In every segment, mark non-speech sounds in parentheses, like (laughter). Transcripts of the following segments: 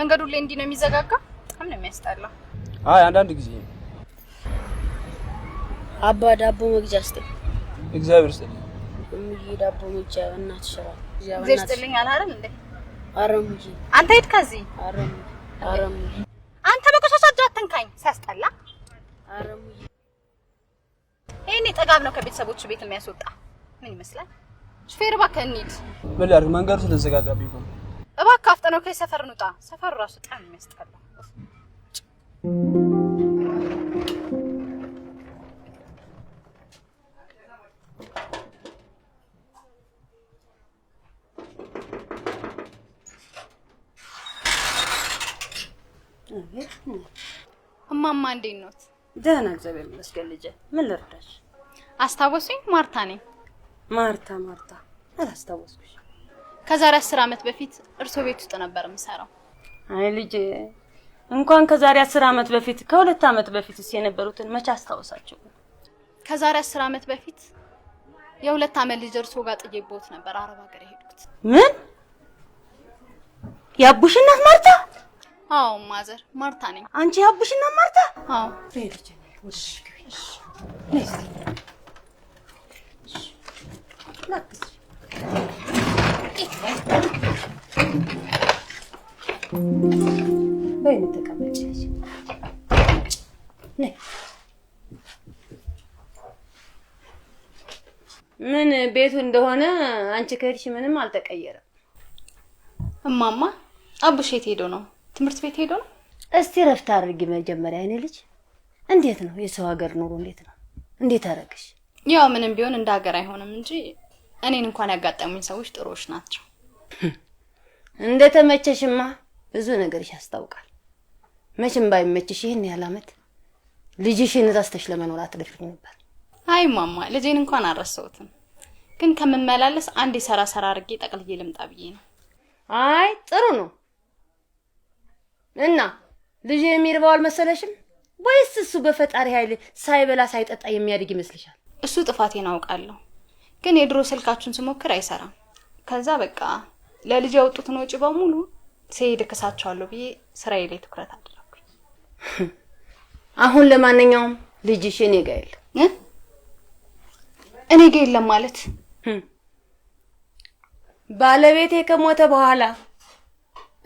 መንገዱ ላይ እንዲህ ነው የሚዘጋጋ። በጣም ነው የሚያስጠላ። አይ አንዳንድ ጊዜ አባ ዳቦ መግዣ ስጠኝ። እግዚአብሔር ስጠኝ። እምዬ ዳቦ መግዣ እናትሽ እራት እግዚአብሔር ስጠኝ አልሀረም እንዴ አረም እንጂ አንተ ሂድ ከዚህ አረም አረም አንተ በቆሻሻ እጅ አትንካኝ። ሲያስጠላ አረም ይሄኔ ጠጋብ ነው ከቤተሰቦች ቤት የሚያስወጣ ምን ይመስላል? ሹፌር እባክህ እንሂድ። ምን ላድርግ? መንገዱ ስለተዘጋጋብኝ ነው እባክህ አፍጠነው ከዚህ ሰፈር እንውጣ። ሰፈሩ ራሱ በጣም የሚያስጠላ። እማማ እንዴት ነዎት? ደህና እግዚአብሔር ይመስገን ልጄ። ምን ልረዳሽ? አስታወሱኝ? ማርታ ነኝ። ማርታ ማርታ፣ አላስታወስኩሽ ከዛሬ አስር ዓመት በፊት እርሶ ቤት ውስጥ ነበር የምሰራው። አይ ልጅ እንኳን ከዛሬ አስር ዓመት በፊት ከሁለት ዓመት በፊት ስ የነበሩትን መቼ አስታውሳቸው። ከዛሬ አስር ዓመት በፊት የሁለት ዓመት ልጅ እርሶ ጋር ጥዬ ቦት ነበር አረብ ሀገር የሄድኩት። ምን የአቡሽ እናት ማርታ? አዎ ማዘር ማርታ ነኝ። አንቺ የአቡሽ እናት ማርታ? አዎ ልጅ ነሽ በይን ተቀመጭ። ምን ቤቱ እንደሆነ አንቺ ከሄድሽ ምንም አልተቀየረም። እማማ አቡሽ የት ሄዶ ነው? ትምህርት ቤት ሄዶ ነው። እስቲ ረፍት አድርጊ መጀመሪያ። እኔ ልጅ እንዴት ነው የሰው ሀገር ኑሮ እንዴት ነው? እንዴት አደረግሽ? ያው ምንም ቢሆን እንደ ሀገር አይሆንም እንጂ እኔን እንኳን ያጋጠሙኝ ሰዎች ጥሩዎች ናቸው። (laughs) እንደ ተመቸሽማ ብዙ ነገርሽ ያስታውቃል። መቼም ባይመችሽ ይህን ያህል ዓመት ልጅሽን ረስተሽ ለመኖር አትደፍሪም ነበር። አይ ማማ፣ ልጄን እንኳን አልረሳሁትም፣ ግን ከምመላለስ አንድ የሰራ ሰራ አድርጌ ጠቅልዬ ልምጣ ብዬ ነው። አይ ጥሩ ነው። እና ልጅ የሚርባው አልመሰለሽም ወይስ እሱ በፈጣሪ ኃይል ሳይበላ ሳይጠጣ የሚያድግ ይመስልሻል? እሱ ጥፋቴን አውቃለሁ ግን የድሮ ስልካችሁን ስሞክር አይሰራም። ከዛ በቃ ለልጅ ያወጡትን ወጪ በሙሉ ሲሄድ እክሳቸዋለሁ ብዬ ስራዬ ላይ ትኩረት አደረኩኝ። (laughs) አሁን ለማንኛውም ልጅሽ እኔ ጋ የለም፣ እኔ ጋ የለም ማለት ባለቤቴ ከሞተ በኋላ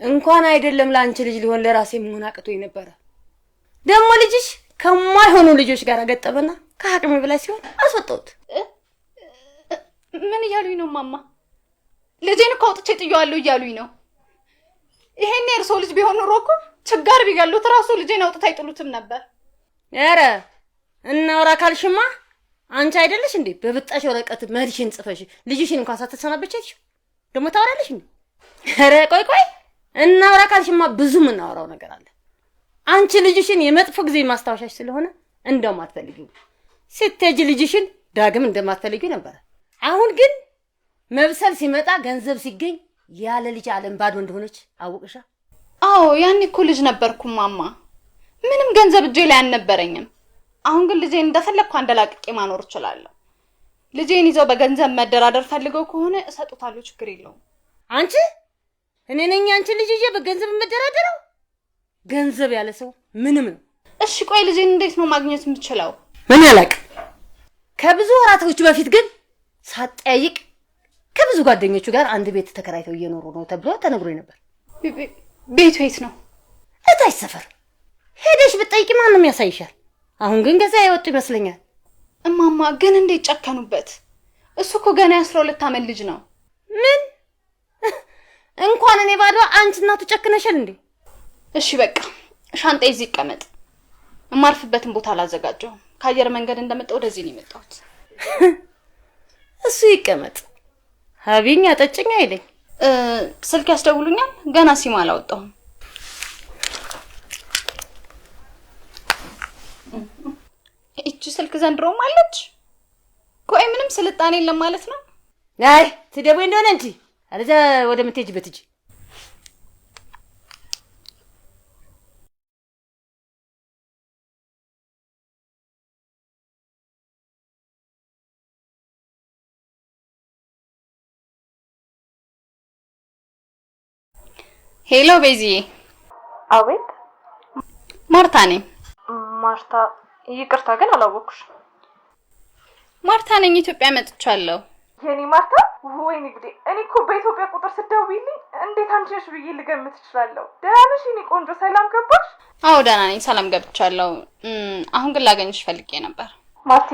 እንኳን አይደለም ለአንቺ ልጅ ሊሆን ለራሴ መሆን አቅቶኝ ነበረ። ደግሞ ልጅሽ ከማይሆኑ ልጆች ጋር ገጠመና ከአቅሜ በላይ ሲሆን አስወጣሁት። ምን እያሉኝ ነው ማማ? ልጄን እኮ አውጥቼ ጥየዋለሁ እያሉኝ ነው። ይሄን የእርሶ ልጅ ቢሆን ኑሮ እኮ ችጋር ቢያሉት ራሱ ልጄን አውጥታ አይጥሉትም ነበር። ኧረ እናውራ ካልሽማ አንቺ አይደለሽ እንዴ በብጣሽ ወረቀት መልሽን ጽፈሽ ልጅሽን እንኳን ሳትሰናበቻች ደግሞ ታወራለሽ እንዴ? ኧረ ቆይ ቆይ እናውራ ካልሽማ ብዙ የምናወራው ነገር አለ። አንቺ ልጅሽን የመጥፎ ጊዜ ማስታወሻሽ ስለሆነ እንደውም አትፈልጊው ስትሄጂ ልጅሽን ዳግም እንደማትፈልጊው ነበረ አሁን ግን መብሰል ሲመጣ ገንዘብ ሲገኝ ያለ ልጅ ዓለም ባዶ እንደሆነች አወቅሻ? አዎ ያኔ እኮ ልጅ ነበርኩ ማማ። ምንም ገንዘብ እጄ ላይ አልነበረኝም። አሁን ግን ልጄን እንደፈለግኩ አንደላቅቄ ማኖር እችላለሁ። ልጄን ይዘው በገንዘብ መደራደር ፈልገው ከሆነ እሰጡታለሁ፣ ችግር የለውም። አንቺ እኔ ነኝ አንቺ ልጅ ይዤ በገንዘብ መደራደረው? ገንዘብ ያለ ሰው ምንም ነው። እሺ ቆይ ልጄን እንዴት ነው ማግኘት የምችለው? ምን ያላቅ ከብዙ ወራቶች በፊት ግን ሳጠያይቅ ከብዙ ጓደኞቹ ጋር አንድ ቤት ተከራይተው እየኖሩ ነው ተብሎ ተነግሮ ነበር። ቤቱ የት ነው? እታች ሰፈር ሄደሽ ብጠይቂ ማንም ያሳይሻል። አሁን ግን ገዛ ያወጡ ይመስለኛል። እማማ ግን እንዴት ጨከኑበት? እሱ እኮ ገና የአስራ ሁለት አመት ልጅ ነው። ምን እንኳን እኔ ባዶ አንቺ እናቱ ጨክነሻል እንዴ? እሺ በቃ ሻንጣ ይዚ ይቀመጥ። እማርፍበትን ቦታ አላዘጋጀውም። ከአየር መንገድ እንደመጣ ወደዚህ ነው የመጣሁት። (laughs) እሱ ይቀመጥ። ሀቢኝ አጠጭኝ አይለኝ። ስልክ ያስደውሉኛል። ገና ሲም አላወጣሁም። እቺ ስልክ ዘንድሮም አለች። ቆይ ምንም ስልጣኔ የለም ማለት ነው? አይ ትደቡ እንደሆነ እንጂ አለዚያ ወደ ምትሄጂበት ሄሎ ቤዚዬ። አቤት። ማርታ ነኝ። ማርታ፣ ይቅርታ ግን አላወኩሽ። ማርታ ነኝ። ኢትዮጵያ መጥቻለሁ። የኔ ማርታ፣ ወይኔ ጉዴ! እኔ እኮ በኢትዮጵያ ቁጥር ስትደውይልኝ እንዴት አንቺ ነሽ ብዬ ልገምት እችላለሁ። ደህና ነሽ የኔ ቆንጆ? ሰላም ገባሽ? አዎ ደህና ነኝ፣ ሰላም ገብቻለሁ። አሁን ግን ላገኝሽ ፈልጌ ነበር። ማርቴ፣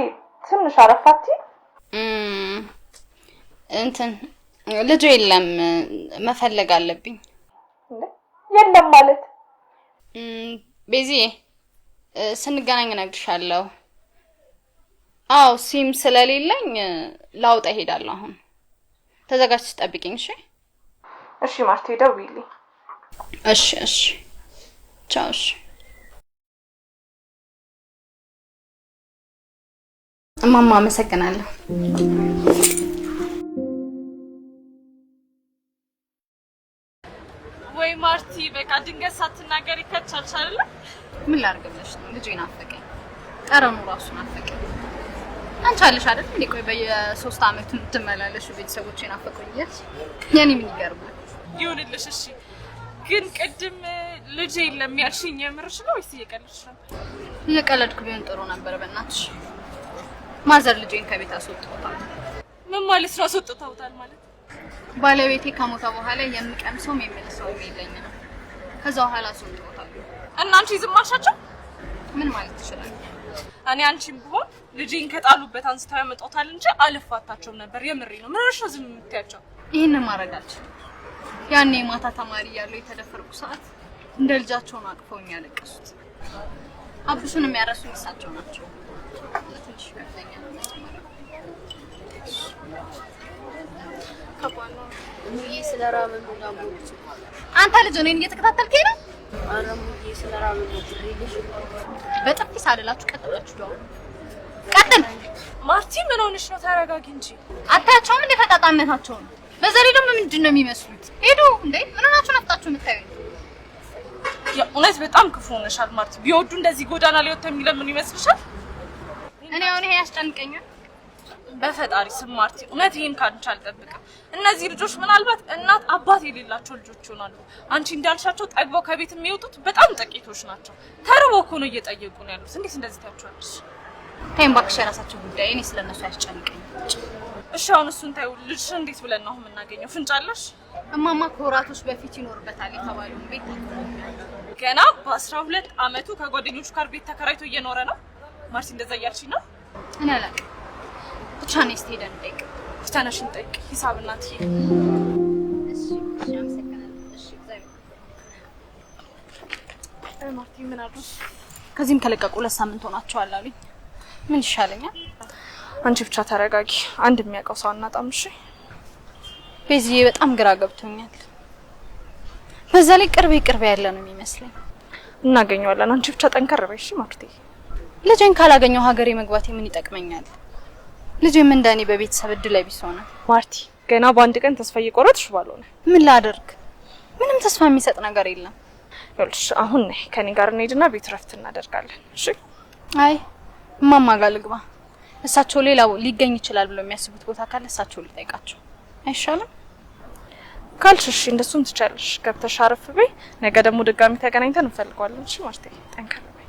ትንሽ አረፋቲ እንትን ልጁ የለም መፈለግ አለብኝ። የለም ማለት ቤዚ ስንገናኝ እነግርሻለሁ። አዎ ሲም ስለሌለኝ ላውጣ እሄዳለሁ። አሁን ተዘጋጅተሽ ጠብቂኝ። እሺ እሺ፣ ማርቴ ደውይልኝ። እሺ እሺ፣ ቻው። እሺ እማማ፣ አመሰግናለሁ። በቃ ድንገት ሳትናገር ይከቻልሽ አይደለ? ምን ላድርግ ነው? ልጄ ናፈቀኝ፣ ጠረኑ ራሱ ናፈቀኝ። አንቺ አለሽ አይደል እንዴ? ቆይ በየሶስት አመቱ የምትመላለሽ ቤተሰቦቼ ናፈቁኝ እያልሽ የኔ ምን ይገርማል? ይሁንልሽ። እሺ ግን ቅድም ልጄ የለም ያልሽኝ የምርሽ ነው ወይስ እየቀለድሽ ነው? እየቀለድኩ ቢሆን ጥሩ ነበር። በእናትሽ ማዘር ልጄን ከቤት አስወጥተውታል። ምን ማለት ነው? አስወጥተውታል ማለት ባለቤቴ ከሞተ በኋላ የምቀምሰውም የምልሰውም የለኝም። ከዛ በኋላ ሰው ይወጣል እና አንቺ ዝም አልሻቸው። ምን ማለት ትችላለህ? እኔ አንቺም ብሆን ልጅን ከጣሉበት አንስተው ያመጣታል እንጂ አልፋታቸውም ነበር። የምሬ ነው። ምን ነው ዝም የምትያቸው? ይህን ማድረግ አልችልም። ያኔ የማታ ተማሪ ያለው የተደፈርኩ ሰዓት እንደ ልጃቸውን አቅፈውኝ ያለቀሱት አብሱን የሚያረሱ እሳቸው ናቸው። ከባድ ነው። ሙዬ ስለ ራበኝ ነው። አንተ ልጅ እኔን እየተከታተልከኝ ነው? ኧረ ሙዬ ስለ ራበኝ በጥፊ ሳልላችሁ ቀጥ ብላችሁ ደው ቀጥል። ማርቲ ምን ሆነሽ ነው? ተረጋጊ እንጂ። አታያቸውም ምን ፈጣጣነታቸውን። በዛ ላይ ደግሞ ምንድን ነው የሚመስሉት? ሄዱ እንዴ! ምን ሆናችሁ ነፍጣችሁ የምታዩት? የእውነት በጣም ክፉ ሆነሻል ማርቲ። ቢወዱ እንደዚህ ጎዳና ላይ ሊወጣ የሚለምን ይመስልሻል? እኔ አሁን ይሄ ያስጨንቀኛል። በፈጣሪ ስም ማርቲ፣ እውነት ይህን ካንቺ አልጠብቅም። እነዚህ ልጆች ምናልባት እናት አባት የሌላቸው ልጆች ይሆናሉ። አንቺ እንዳልሻቸው ጠግበው ከቤት የሚወጡት በጣም ጥቂቶች ናቸው። ተርቦ እኮ ነው እየጠየቁ ነው ያሉት። እንዴት እንደዚህ ታያቸዋለሽ? ታይም ባክሽ፣ የራሳቸው ጉዳይ። እኔ ስለነሱ ያስጨንቀኝ። እሺ አሁን እሱን ታዩ። ልጅሽ እንዴት ብለን ነው የምናገኘው? ፍንጫለሽ? እማማ ከወራቶች በፊት ይኖርበታል የተባለውን ቤት ገና በአስራ ሁለት አመቱ ከጓደኞቹ ጋር ቤት ተከራይቶ እየኖረ ነው። ማርሲ እንደዛ እያልሽ ነው? እኔ አላውቅም ብቻ ነው ስትሄደን ጠይቅ ብቻነሽን ጠይቅ ሂሳብ እናት ማርቲ ምን ከዚህም ከለቀቁ ሁለት ሳምንት ሆናቸዋል አሉኝ። ምን ይሻለኛል? አንቺ ብቻ ተረጋጊ። አንድ የሚያውቀው ሰው አናጣም። እሺ ቤዚዬ፣ በጣም ግራ ገብቶኛል። በዛ ላይ ቅርቤ ቅርቤ ያለ ነው የሚመስለኝ። እናገኘዋለን። አንቺ ብቻ ጠንከር በይ እሺ ማርቲ። ልጄን ካላገኘው ሀገሬ መግባት ምን ይጠቅመኛል? ልጄም እንደኔ በቤተሰብ እድል ላይ ቢስ ሆነ። ማርቲ ገና በአንድ ቀን ተስፋ እየቆረጥሽ ባልሆነ ምን ላደርግ? ምንም ተስፋ የሚሰጥ ነገር የለም። ይኸውልሽ አሁን ነይ ከኔ ጋር እንሄድና ቤት ረፍት እናደርጋለን። እሺ? አይ እማማ ጋር ልግባ። እሳቸው ሌላ ሊገኝ ይችላል ብሎ የሚያስቡት ቦታ ካለ እሳቸው ልጠይቃቸው አይሻልም? ካልሽ እሺ፣ እንደሱም ትቻለሽ። ገብተሽ አረፍ በይ። ነገ ደግሞ ድጋሚ ተገናኝተን እንፈልገዋለን። እሺ ማርቲ፣ ጠንከር በይ።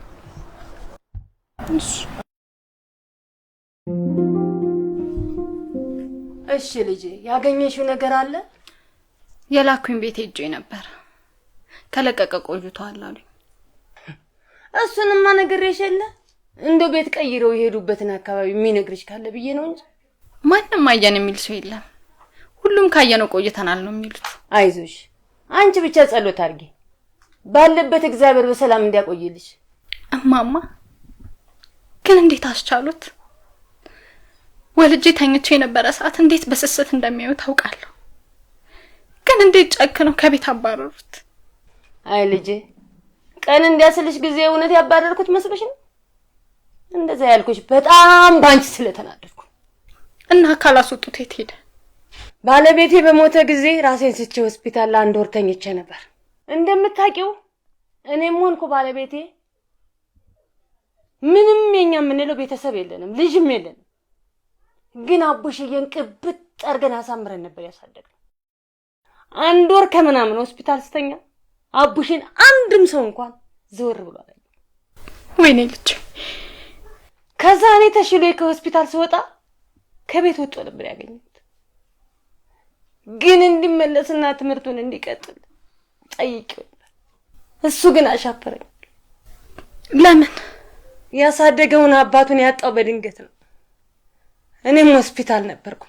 እሺ እሺ ልጄ፣ ያገኘሽው ነገር አለ? የላኩኝ ቤት ሄጄ ነበር። ከለቀቀ ቆይቷል አሉኝ። እሱንማ ነግሬሽ የለ እንደ ቤት ቀይረው የሄዱበትን አካባቢ የሚነግርሽ ካለ ብዬ ነው እንጂ ማንም አየን የሚል ሰው የለም። ሁሉም ካየነው ቆይተናል ነው የሚሉት። አይዞሽ፣ አንቺ ብቻ ጸሎት አድርጊ፣ ባለበት እግዚአብሔር በሰላም እንዲያቆይልሽ። እማማ ግን እንዴት አስቻሉት? ወልጄ ተኝቼ የነበረ ሰዓት እንዴት በስስት እንደሚያዩ ታውቃለሁ። ግን እንዴት ጨክ ነው ከቤት አባረሩት። አይ ልጄ፣ ቀን እንዲያስልሽ ጊዜ እውነት ያባረርኩት መስሎሽ ነው? እንደዛ ያልኩሽ በጣም ባንቺ ስለተናደድኩ እና ካላስወጡት የት ሄደ? ባለቤቴ በሞተ ጊዜ ራሴን ስቼ ሆስፒታል ለአንድ ወር ተኝቼ ነበር። እንደምታውቂው እኔም ሆንኩ ባለቤቴ ምንም የኛ የምንለው ቤተሰብ የለንም፣ ልጅም የለንም። ግን አቡሽዬን ቅብጥ አድርገን አሳምረን ነበር ያሳደግነው። አንድ ወር ከምናምን ሆስፒታል ስተኛ አቡሽን አንድም ሰው እንኳን ዘወር ብሎ አላየሁም። ወይኔ ልጅ። ከዛ እኔ ተሽሎ ከሆስፒታል ስወጣ ከቤት ወጥቶ ነበር ያገኘሁት። ግን እንዲመለስና ትምህርቱን እንዲቀጥል ጠይቄው እሱ ግን አሻፈረኝ። ለምን? ያሳደገውን አባቱን ያጣው በድንገት ነው። እኔም ሆስፒታል ነበርኩ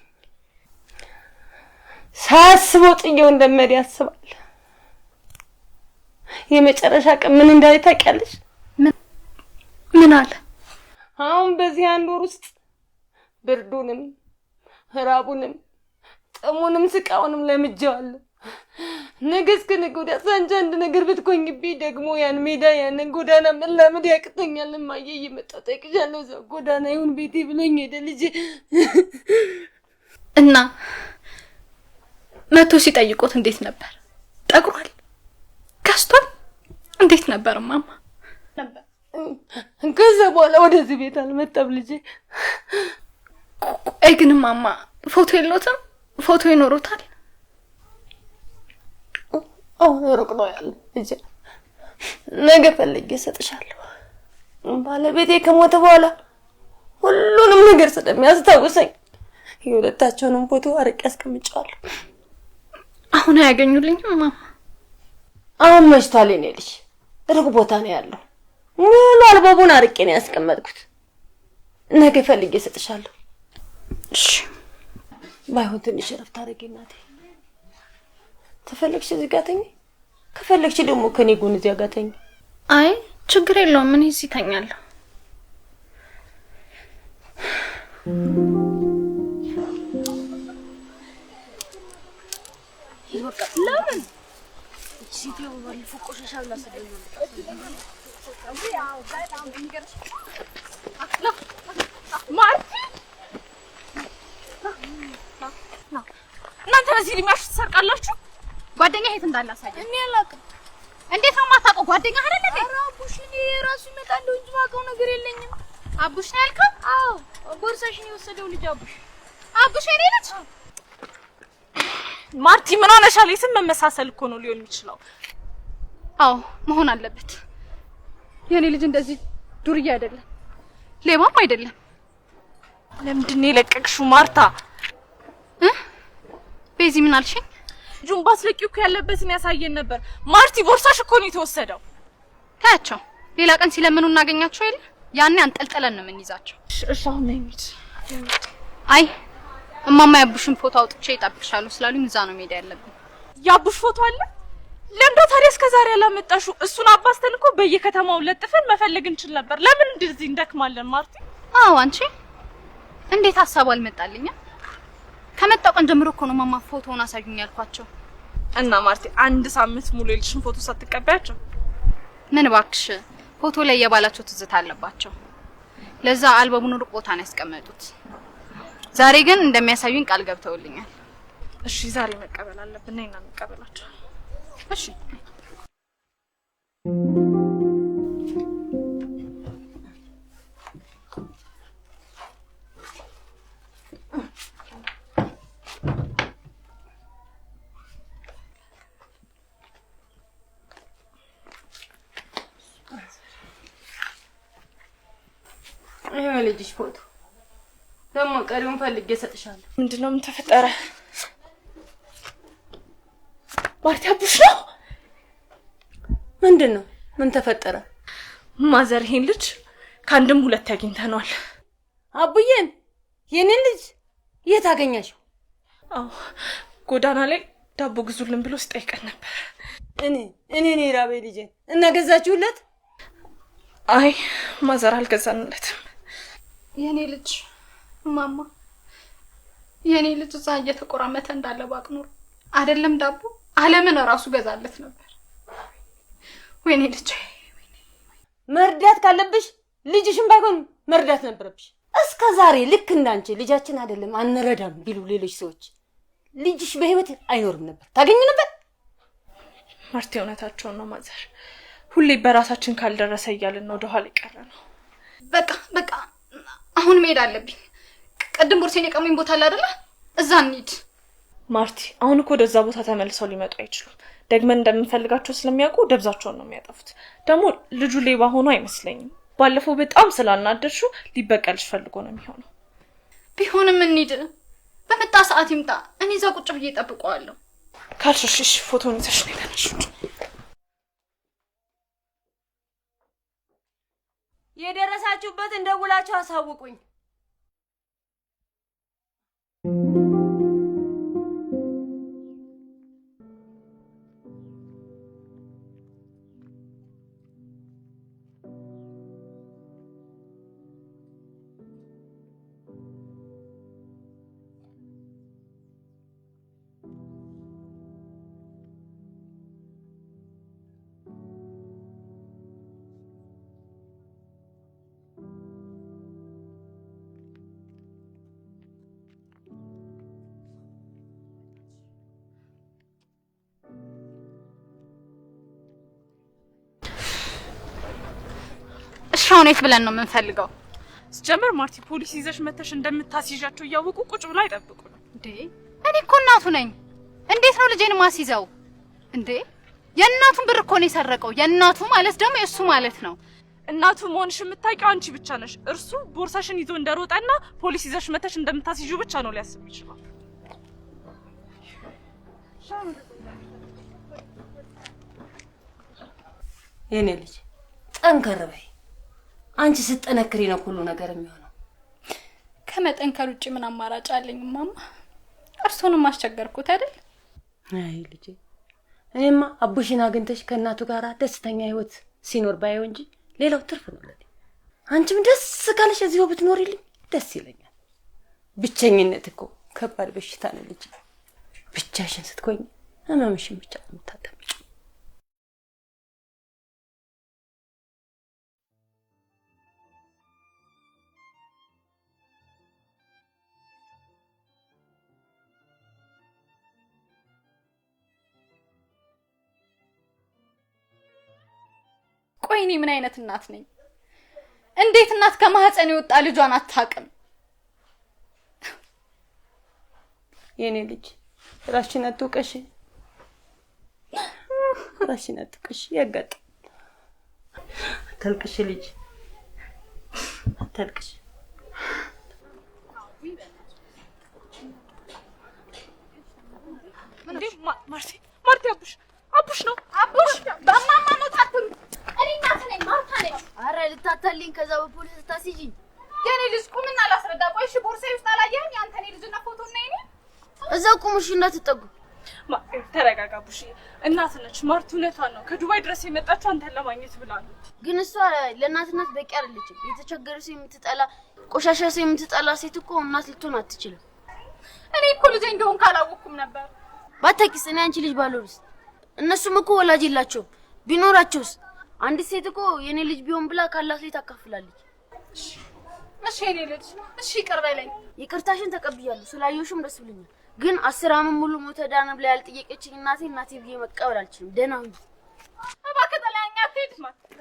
ሳስበው ጥዬው እንደመድ ያስባል። የመጨረሻ ቀን ምን እንዳለ ታውቂያለሽ? ምን አለ? አሁን በዚህ አንድ ወር ውስጥ ብርዱንም፣ ራቡንም፣ ጥሙንም፣ ስቃውንም ለምጄዋለሁ። ነገስ ከነገ ወዲያ አንቺ አንድ ነገር ብትኮኝብኝ ደግሞ ያን ሜዳ ያንን ጎዳና መላመድ ያቅተኛል። እማዬ እየመጣ ጠይቅሻለሁ። እዛ ጎዳና ይሁን ቤቴ ብሎኝ ሄደ ልጅ እና መቶ ሲጠይቁት እንዴት ነበር? ጠቁሯል? ከስቷል? እንዴት ነበር ማማ? ከዛ በኋላ ወደዚህ ቤት አልመጣም ልጄ። ቆይ ግን ማማ ፎቶ የለትም ፎቶ ይኖሩታል አሁን ሩቅ ነው ያለ ልጄ፣ ነገ ፈልጌ እሰጥሻለሁ። ባለቤቴ ከሞተ በኋላ ሁሉንም ነገር ስለሚያስታውሰኝ የሁለታቸውንም ፎቶ አርቄ አስቀምጫዋለሁ። አሁን አያገኙልኝም እማማ። አሁን መሽቷል። የኔ ልጅ ሩቅ ቦታ ነው ያለው። ሙሉ አልበቡን አርቄ ነው ያስቀመጥኩት። ነገ ፈልጌ እሰጥሻለሁ። እሺ፣ ባይሆን ትንሽ እረፍት አድርጊ እናቴ። ተፈለግሽ እዚህ ጋር ተኝ፣ ከፈለግሽ ደግሞ ከኔ ጎን እዚያ ጋር ተኝ። አይ ችግር የለውም ምን እዚህ ተኛለሁ። ለምን እናንተ በዚህ እድሜያችሁ ትሰርቃላችሁ? የት እንዳላሳየ እኔ አላውቅም። እንዴት ነው የማታውቀው? ጓደኛ አይደለ እንዴ? ኧረ አቡሽ እኔ ራሱ ይመጣል እንጂ የማውቀው ነገር የለኝም። አቡሽ ነው ያልከው? አዎ፣ ቦርሳሽን የወሰደው ልጅ አቡሽ። አቡሽ እኔ ነች። ማርቲ ምን ሆነሻል? የስም መመሳሰል እኮ ነው ሊሆን የሚችለው። አዎ መሆን አለበት። የኔ ልጅ እንደዚህ ዱርዬ አይደለም፣ ሌባም አይደለም። ለምንድን ነው የለቀቅሽው ማርታ? ቤዚ ምን አልሽኝ? ልጁን ባስለቂው እኮ ያለበትን ያሳየን ነበር። ማርቲ ቦርሳሽ እኮ ነው የተወሰደው። ታያቸው፣ ሌላ ቀን ሲለምኑ እናገኛቸው የለ ያኔ አንጠልጠለን ነው የምንይዛቸው። እሻው አሁን አይ እማማ ያቡሽን ፎቶ አውጥቼ ይጠብቅሻሉ ስላሉኝ እዛ ነው ሜዳ ያለብን። ያቡሽ ፎቶ አለ ለምዶ ታዲያ እስከ ዛሬ እሱን አባስተን እኮ በየከተማው ለጥፈን መፈለግ እንችል ነበር። ለምን እንደዚህ እንደክማለን? ማርቲ፣ አዎ አንቺ እንዴት ሀሳቡ አልመጣልኛል? ከመጣው ቀን ጀምሮ እኮ ነው ማማ ፎቶውን አሳዩኝ ያልኳቸው። እና ማርቲ አንድ ሳምንት ሙሉ የልጅሽን ፎቶ ሳትቀበያቸው ምን ባክሽ፣ ፎቶ ላይ የባላቸው ትዝታ አለባቸው። ለዛ አልበሙን ሩቅ ቦታ ነው ያስቀመጡት። ዛሬ ግን እንደሚያሳዩኝ ቃል ገብተውልኛል። እሺ ዛሬ መቀበል አለብን እና እንቀበላቸው። እሺ የልጅሽ ፎቶ ደግሞ ቀሪውን ፈልጌ እሰጥሻለሁ። ምንድን ነው? ምን ተፈጠረ? ማርቲ አቡሽ ነው? ምንድን ነው? ምን ተፈጠረ? ማዘር ይሄን ልጅ ከአንድም ሁለት አግኝተነዋል። አቡዬን የኔን ልጅ የት አገኛሽው? አዎ ጎዳና ላይ ዳቦ ግዙልን ብሎ ስጠይቀን ነበር። እኔ እኔ ኔ ራቤ ልጄን እናገዛችሁለት? አይ ማዘር አልገዛንለትም። የኔ ልጅ ማማ፣ የኔ ልጅ እዛ እየተቆራመተ እንዳለ ባቅ አይደለም ዳቦ አለምን እራሱ ገዛለት ነበር። ወይኔ ልጅ፣ መርዳት ካለብሽ ልጅሽን ባይሆን መርዳት ነበረብሽ። እስከ ዛሬ ልክ እንዳንቺ ልጃችን አይደለም አንረዳም ቢሉ ሌሎች ሰዎች ልጅሽ በህይወት አይኖርም ነበር፣ ታገኙ ነበር። ማርቲ፣ እውነታቸውን ነው ማዘር። ሁሌ በራሳችን ካልደረሰ እያልን ነው ወደኋላ ይቀረ ነው። በቃ በቃ አሁን መሄድ አለብኝ። ቅድም ቦርሴን የቀሙኝ ቦታ አለ አይደለ? እዛ እንሂድ። ማርቲ፣ አሁን እኮ ወደዛ ቦታ ተመልሰው ሊመጡ አይችሉም። ደግመን እንደምንፈልጋቸው ስለሚያውቁ ደብዛቸውን ነው የሚያጠፉት። ደግሞ ልጁ ሌባ ሆኖ አይመስለኝም። ባለፈው በጣም ስላናደድሽው ሊበቀልሽ ፈልጎ ነው የሚሆነው። ቢሆንም እንሂድ። በመጣ ሰዓት ይምጣ። እኔ እዛ ቁጭ ብዬ እጠብቀዋለሁ። ካልሽሽ ፎቶን ይዘሽ ነው የደረሳችሁበት እንደውላችሁ አሳውቁኝ። መጨረሻውን የት ብለን ነው የምንፈልገው? ስጀምር ማርቲ ፖሊስ ይዘሽ መተሽ እንደምታስይዣቸው እያወቁ ቁጭ ብላ አይጠብቁ ነው እንዴ? እኔ እኮ እናቱ ነኝ። እንዴት ነው ልጄን ማስይዘው? እንዴ የእናቱን ብር እኮ ነው የሰረቀው። የእናቱ ማለት ደግሞ የእሱ ማለት ነው። እናቱ መሆንሽ የምታውቂው አንቺ ብቻ ነሽ። እርሱ ቦርሳሽን ይዞ እንደሮጠና ፖሊስ ይዘሽ መተሽ እንደምታስይዡ ብቻ ነው ሊያስብ ይችላል። የኔ ልጅ ጠንከር በይ አንቺ ስትጠነክሪ ነው ሁሉ ነገር የሚሆነው። ከመጠንከር ውጭ ምን አማራጭ አለኝ ማማ? እርሶንም አስቸገርኩት አይደል? አይ ልጄ፣ እኔማ አቡሽን አግኝተሽ ከእናቱ ጋር ደስተኛ ህይወት ሲኖር ባየው እንጂ ሌላው ትርፍ ነው ለኔ። አንቺም ደስ ካለሽ እዚሁ ብትኖሪልኝ ደስ ይለኛል። ብቸኝነት እኮ ከባድ በሽታ ነው ልጄ። ብቻሽን ስትኮኝ ህመምሽን ብቻ ነው የምታጠሚ ምን አይነት እናት ነኝ? እንዴት እናት ከማህፀን የወጣ ልጇን አታውቅም? የኔ ልጅ ራሽን አትውቀሽ፣ ራሽን አትውቀሽ። ያጋጥ አታልቅሽ፣ ልጅ አታልቅሽ። ማርቲ ማርቲ አቡሽ ልታታልኝ ከዛ በፖሊስ ስታስይኝ የኔ ልጅ ቁምና ላስረዳ። ቆይ እሺ፣ ቦርሳዬ ውስጥ አላየህም? የአንተ እኔ ልጅና ፎቶ እና የኔ እዛ ቁም። እሺ፣ እንዳትጠጉ። ተረጋጋ ቡሽ። እናት ነች ማርት፣ እውነቷን ነው። ከዱባይ ድረስ የመጣችው አንተን ለማግኘት ብላለች። ግን እሷ ለእናትነት በቂ አይደለችም። የተቸገረ ሰው የምትጠላ ቆሻሻ ሰው የምትጠላ ሴት እኮ እናት ልትሆን አትችልም። እኔ እኮ ልጄ እንደሆን ካላወቅኩም ነበር። ባታቂስ፣ እኔ አንቺ ልጅ ባልሆንስ? እነሱም እኮ ወላጅ የላቸውም። ቢኖራቸውስ አንድ ሴት እኮ የኔ ልጅ ቢሆን ብላ ካላት ላይ ታካፍላለች። እሺ እሺ፣ የኔ ልጅ እሺ፣ ይቅር በለኝ። ይቅርታሽን ተቀብያለሁ፣ ስላየሽም ደስ ብሎኛል። ግን አስር አመት ሙሉ ሞተ ዳነ ብላ ያልጠየቀችኝ እናቴ እናቴ ብዬ መቀበል አልችልም። ደህና ሁኚ እባክህ። ተለያኛ ትሄድ ማለት ነው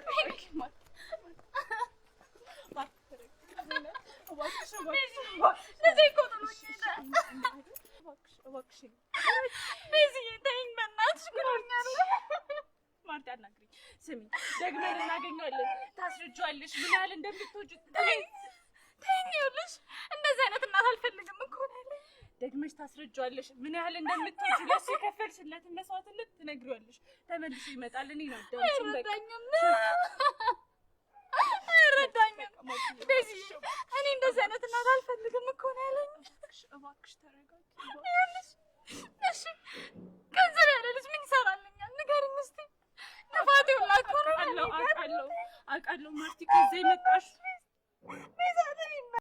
ማርታ አናግሪኝ። ስሚ፣ ደግመን እናገኘዋለን። ታስረጃዋለሽ ምን ያህል እንደምትወጂው። ይኸውልሽ እንደዚህ አይነት እናት አልፈልግም እኮ ደግመሽ ታስረጃዋለሽ ምን ያህል እንደምትወጂው። ለእሱ የከፈልሽለትን መስዋዕትነት ትነግሪዋለሽ። ተመልሶ ይመጣል። እኔ ነው አይረዳኝም፣ አይረዳኝም። እንደዚህ እኔ እንደዚህ አይነት እናት አልፈልግም እኮ ነው ያለኝ። እባክሽ ተረጋጊ። ይኸውልሽ እሺ፣ ገንዘብ ያለ ምን ይሰራልኛል? ንገሪኝ እስኪ ጥፋት